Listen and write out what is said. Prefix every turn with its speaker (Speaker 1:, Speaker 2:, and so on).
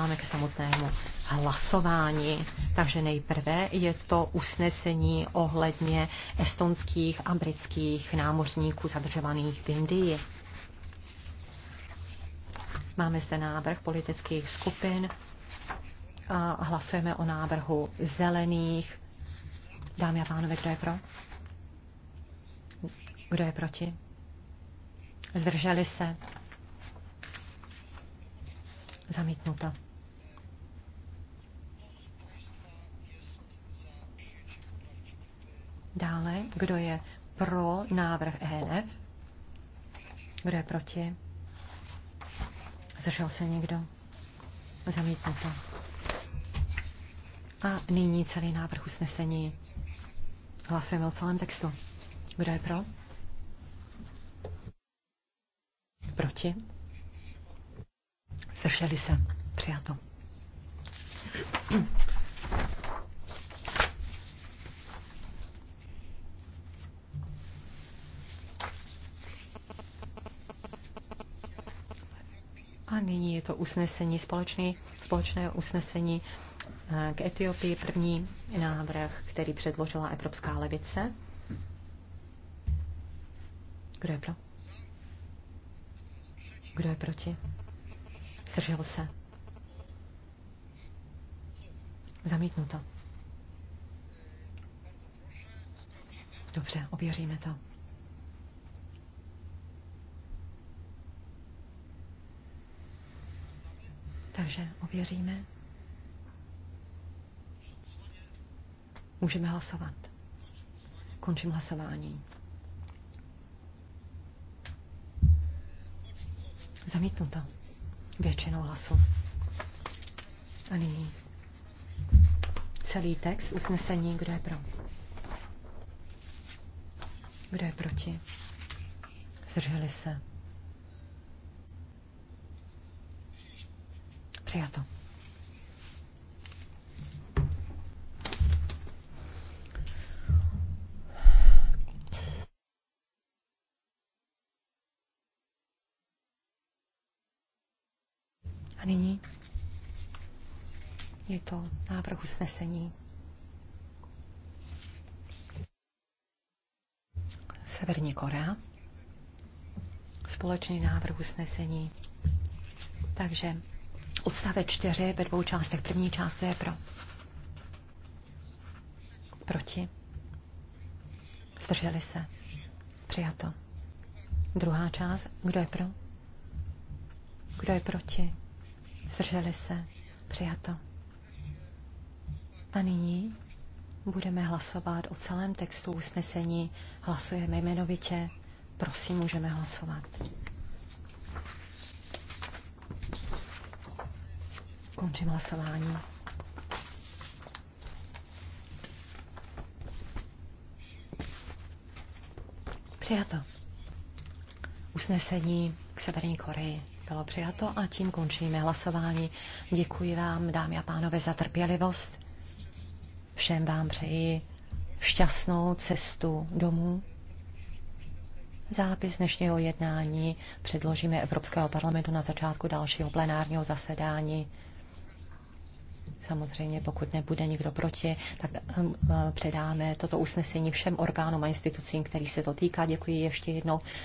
Speaker 1: Máme k samotnému hlasování. Takže nejprve je to usnesení ohledně estonských a britských námořníků zadržovaných v Indii. Máme zde návrh politických skupin a hlasujeme o návrhu zelených. Dámy a pánové, kdo je pro? Kdo je proti? Zdrželi se? Zamítnuto. Dále, kdo je pro návrh ENF? Kdo je proti? Zdržel se někdo? Zamítnuto. A nyní celý návrh usnesení. Hlasujeme o celém textu. Kdo je pro? Proti? Zdrželi se. Přijato. nyní je to usnesení společný, společné usnesení eh, k Etiopii. První návrh, který předložila Evropská levice. Kdo je pro? Kdo je proti? Zdržel se. Zamítnuto. Dobře, ověříme to. Takže ověříme. Můžeme hlasovat. Končím hlasování. Zamítnuto. Většinou hlasů. A nyní celý text usnesení, kdo je pro. Kdo je proti? Zdrželi se. Přijato. A nyní je to návrh usnesení. Severní Korea. Společný návrh usnesení. Takže Odstavec 4 ve dvou částech. První část to je pro. Proti. Zdrželi se. Přijato. Druhá část. Kdo je pro? Kdo je proti? Zdrželi se. Přijato. A nyní budeme hlasovat o celém textu usnesení. Hlasujeme jmenovitě. Prosím, můžeme hlasovat. Končím hlasování. Přijato. Usnesení k Severní Koreji bylo přijato a tím končíme hlasování. Děkuji vám, dámy a pánové, za trpělivost. Všem vám přeji šťastnou cestu domů. Zápis dnešního jednání předložíme Evropského parlamentu na začátku dalšího plenárního zasedání. Samozřejmě, pokud nebude nikdo proti, tak hm, eh, předáme toto usnesení všem orgánům a institucím, který se to týká. Děkuji ještě jednou